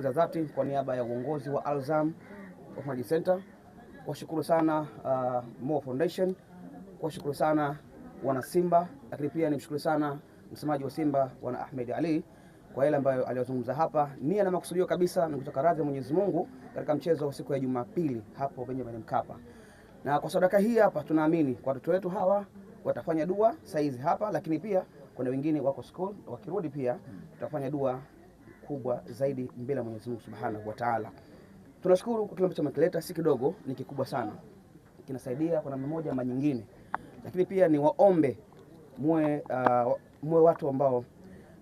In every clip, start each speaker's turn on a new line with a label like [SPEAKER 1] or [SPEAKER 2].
[SPEAKER 1] za dhati kwa niaba ya uongozi wa Alzam Orphanage Center, washukuru sana uh, Mo Foundation, washukuru sana wana Simba, lakini pia nimshukuru sana msemaji wa Simba bwana Ahmed Ali kwa yale ambayo aliyozungumza hapa. Nia na makusudio kabisa ni kutoka radhi ya Mwenyezi Mungu katika mchezo wa siku ya Jumapili hapo Benjamin Mkapa, na kwa sadaka hii hapa tunaamini kwa watoto wetu hawa watafanya dua saizi hapa, lakini pia kuna wengine wako school wakirudi pia tutafanya dua kubwa zaidi mbele ya Mwenyezi Mungu Subhanahu wa Ta'ala. Tunashukuru kwa kile ambacho mekileta, si kidogo, ni kikubwa sana, kinasaidia kwa namna moja ama nyingine, lakini pia ni waombe muwe uh, muwe watu ambao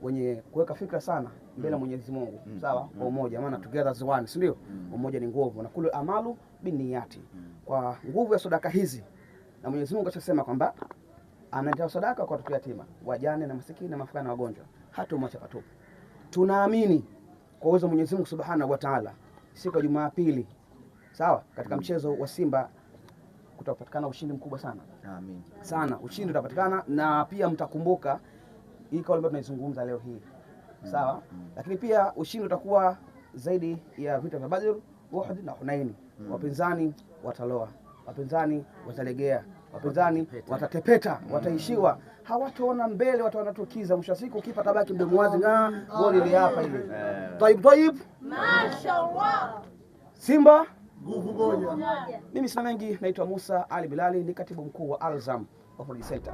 [SPEAKER 1] wenye kuweka fikra sana mbele ya mm. Mwenyezi Mungu mm. Sawa mm. Kwa umoja, maana together as one, si ndio? mm. Umoja ni nguvu, na kule amalu biniyati mm. Kwa nguvu ya sadaka hizi, na Mwenyezi Mungu ashasema kwamba anatoa sadaka kwa watoto yatima, wajane na masikini na mafukara na wagonjwa, hata umwacha patupu tunaamini kwa uwezo wa Mwenyezi Mungu Subhanahu wa Ta'ala, siku ya Jumapili sawa, katika mm. mchezo wa Simba kutapatikana ushindi mkubwa sana. Amin. Sana ushindi utapatikana, na pia mtakumbuka hii kauli ambayo tunaizungumza leo hii mm. sawa, mm. Lakini pia ushindi utakuwa zaidi ya vita vya Badr, Uhud na Hunaini. mm. Wapinzani wataloa, wapinzani watalegea, mm. wapinzani watatepeta, wataishiwa mm hawataona mbele, watu wanatukiza. Mwisho wa siku kipa tabaki mdomo wazi, na goli ile hapa ile. Eh. Taib taib,
[SPEAKER 2] mashaallah.
[SPEAKER 1] Simba
[SPEAKER 3] nguvu moja.
[SPEAKER 1] Mimi sina mengi, naitwa Musa Ali Bilali, ni katibu mkuu wa Alzam Center.